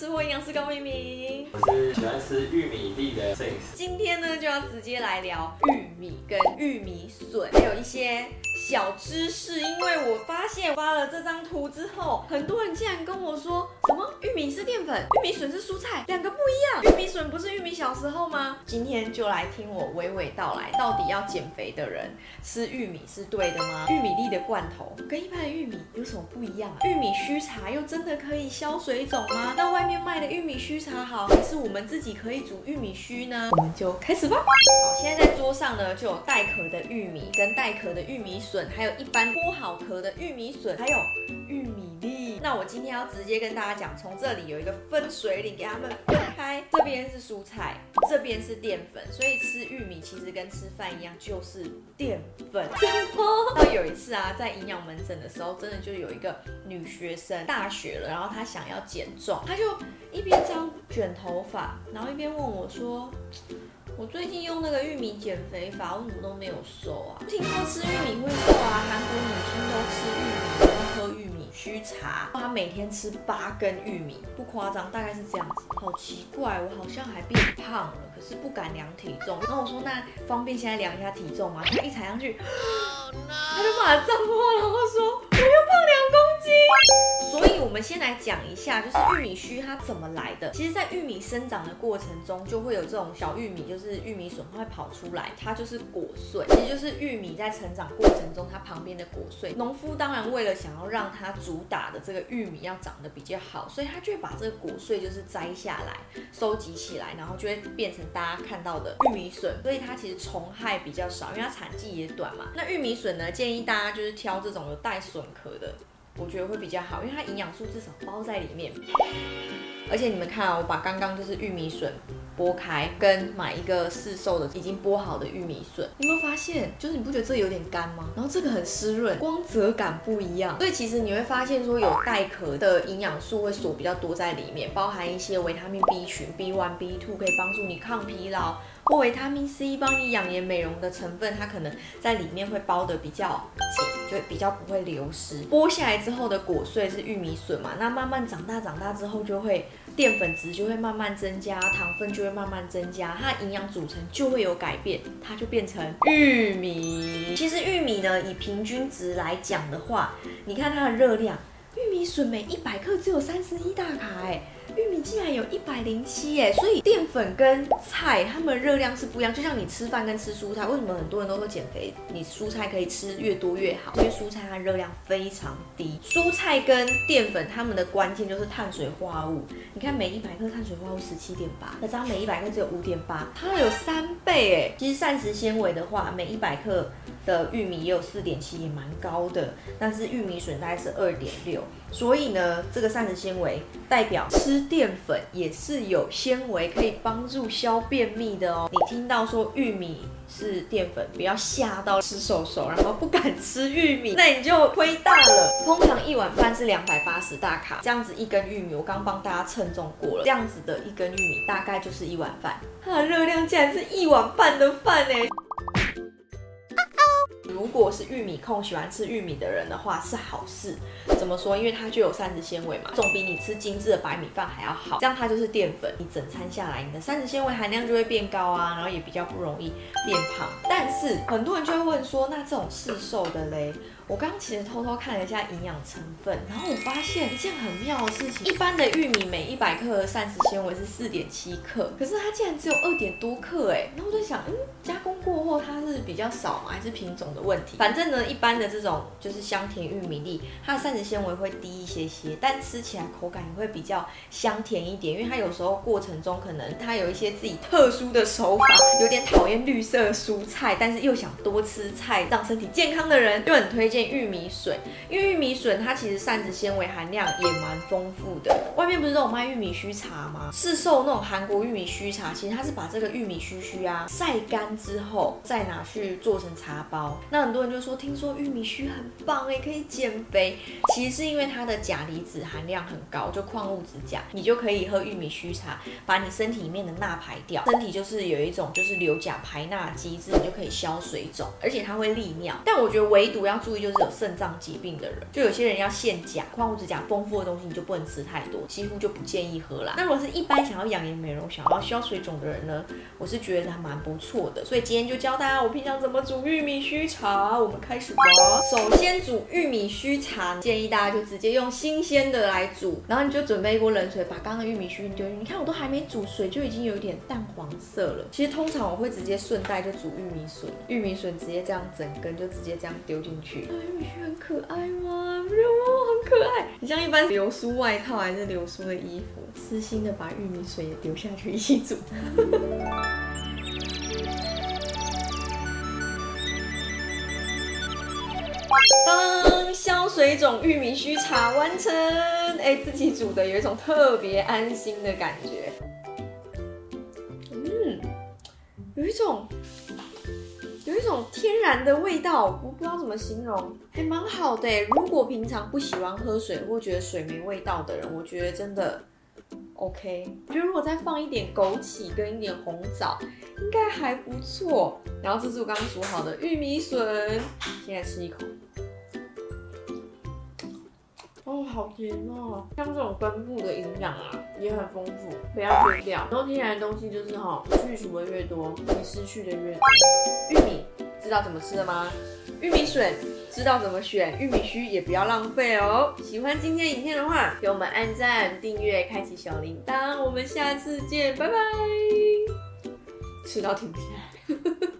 吃貨營養師高敏敏，我是喜歡吃玉米粒的攝影師。今天呢，就要直接來聊玉米跟玉米筍，還有一些小知識，因為我發現發了這張圖之後，很多人竟然跟我說，什麼玉米是澱粉，玉米筍是蔬菜，兩個不一樣。玉米筍不是玉米小時候嗎？今天就來聽我娓娓道來，到底要減肥的人吃玉米是對的嗎？玉米粒的罐頭跟一般的玉米有什麼不一樣？玉米須茶又真的可以消水腫嗎？那外面賣的玉米須茶好，還是我們自己可以煮玉米須呢？我們就開始吧。好，現在在桌上呢，就有帶殼的玉米跟帶殼的玉米筍。還有一般剝好殼的玉米筍，還有玉米粒。那我今天要直接跟大家講，從這裡有一個分水嶺，給它們分開。這邊是蔬菜，這邊是澱粉。所以吃玉米其實跟吃飯一樣，就是澱粉。有一次啊，在營養門診的時候，真的就有一個女學生，大學了，然後她想要減重，她就一邊這樣捲頭髮，然後一邊問我說。我最近用那個玉米減肥法，我怎麼都沒有瘦啊！聽說吃玉米會瘦啊，韓國女生都吃玉米，然後喝玉米鬚茶，她每天吃八根玉米，不誇張，大概是這樣子。好奇怪，我好像還變胖了，可是不敢量體重。那我說，那方便現在量一下體重嗎？他一踩上去，他、No, no. 就馬上慌，然後說我又胖了。我先來講一下，就是玉米鬚它怎麼來的。其實，在玉米生長的過程中，就會有這種小玉米，就是玉米筍，它會跑出來，它就是果穗，其實就是玉米在成長過程中它旁邊的果穗。農夫當然為了想要讓它主打的這個玉米要長得比較好，所以他就會把這個果穗就是摘下來，收集起來，然後就會變成大家看到的玉米筍。所以它其實蟲害比較少，因為它產季也短嘛。那玉米筍呢，建議大家就是挑這種有帶筍殼的。我覺得會比較好，因為它營養素至少包在裡面。而且你們看啊，我把剛剛就是玉米筍剝開，跟買一個市售的已經剝好的玉米筍，你有沒有發現？就是你不覺得這有點乾嗎？然後這個很濕潤，光澤感不一樣。所以其實你會發現說，有帶殼的營養素會鎖比較多在裡面，包含一些維他命 B 群，B one、B two 可以幫助你抗疲勞，或維他命 C 幫你養顏美容的成分，它可能在裡面會包得比較緊。就比較不會流失，剝下來之後的果穗是玉米筍嘛？那慢慢長大長大之後，就會澱粉質就會慢慢增加，糖分就會慢慢增加，它的營養組成就會有改變，它就變成玉米。其實玉米呢，以平均值來講的話，你看它的熱量，玉米筍每一百克只有三十一大卡誒、欸。玉米竟然有一百零七耶，所以澱粉跟菜它們熱量是不一樣。就像你吃飯跟吃蔬菜，為什麼很多人都說減肥，你蔬菜可以吃越多越好？因為蔬菜它熱量非常低。蔬菜跟澱粉它們的關鍵就是碳水化物。你看每一百克碳水化物十七點八，可它每一百克只有五點八，它有三倍耶。其實膳食纖維的話，每一百克的玉米也有四點七，也蠻高的。但是玉米筍大概是二點六，所以呢，這個膳食纖維代表吃。澱粉也是有纖維，可以幫助消便秘的哦。你聽到說玉米是澱粉，不要嚇到吃手手，然後不敢吃玉米，那你就虧大了。通常一碗飯是兩百八十大卡，這樣子一根玉米，我剛幫大家稱重過了，這樣子的一根玉米大概就是一碗飯，它的熱量竟然是一碗半的飯哎、欸。如果是玉米控，喜歡吃玉米的人的話，是好事。怎麼說？因為它就有膳食纖維嘛，總比你吃精緻的白米飯還要好。這樣它就是澱粉，你整餐下來你的膳食纖維含量就會變高啊，然後也比較不容易變胖。但是很多人就會問說，那這種市售的嘞？我剛剛其實偷偷看了一下營養成分，然後我發現一件很妙的事情。一般的玉米每一百克的膳食纖維是四點七克，可是它竟然只有二點多克哎、欸。然後我就想，嗯，加工過後它是比較少嗎？還是品種的問題？反正呢，一般的這種就是香甜玉米粒，它的膳食纖維會低一些些，但吃起來口感也會比較香甜一點。因為它有時候過程中可能它有一些自己特殊的手法。有點討厭綠色蔬菜，但是又想多吃菜讓身體健康的人，就很推薦。玉米筍，因為玉米筍它其實膳食纖維含量也蠻豐富的。外面不是都有賣玉米鬚茶嗎？市售那種韓國玉米鬚茶，其實它是把這個玉米鬚鬚啊曬乾之後再拿去做成茶包。那很多人就說，聽說玉米鬚很棒哎、欸，可以減肥。其實是因為它的鉀離子含量很高，就礦物質鉀，你就可以喝玉米鬚茶，把你身體裡面的鈉排掉，身體就是有一種就是留鉀排鈉的機制，你就可以消水腫，而且它會利尿。但我覺得唯獨要注意。就是有腎臟疾病的人，就有些人要限鉀，礦物質鉀豐富的東西你就不能吃太多，幾乎就不建議喝啦。那如果是一般想要養顏、美容、想要消水腫的人呢，我是覺得還蠻不錯的。所以今天就教大家我平常怎麼煮玉米鬚茶，我們開始吧。首先煮玉米鬚茶，建議大家就直接用新鮮的來煮，然後你就準備一鍋冷水，把剛剛的玉米鬚丟進去。你看我都還沒煮，水就已經有一點淡黃色了。其實通常我會直接順帶就煮玉米筍，玉米筍直接這樣整根就直接這樣丟進去。啊、玉米須很可愛嗎？我覺得很可愛。你像一般流蘇外套還是流蘇的衣服？私心的把玉米水也留下去一起煮。啊，消水腫玉米須茶完成！哎、欸，自己煮的有一種特別安心的感覺。嗯，有一種有一種天然的味道，我不知道怎麼形容，還、欸、蠻好的。如果平常不喜歡喝水或覺得水沒味道的人，我覺得真的 OK。我覺得如果再放一點枸杞跟一點紅棗，應該還不錯。然後這是我剛剛煮好的玉米筍，先來吃一口。哦，好甜哦！像這種根部的營養啊，也很豐富，不要丟掉。然後天然的東西就是哈、哦，去除的越多，你失去的越多。玉米，知道怎麼吃的嗎？玉米筍知道怎麼選，玉米鬚也不要浪費哦。喜歡今天影片的話，給我們按讚、訂閱、開啟小鈴鐺，我們下次見，拜拜。吃到停不下來。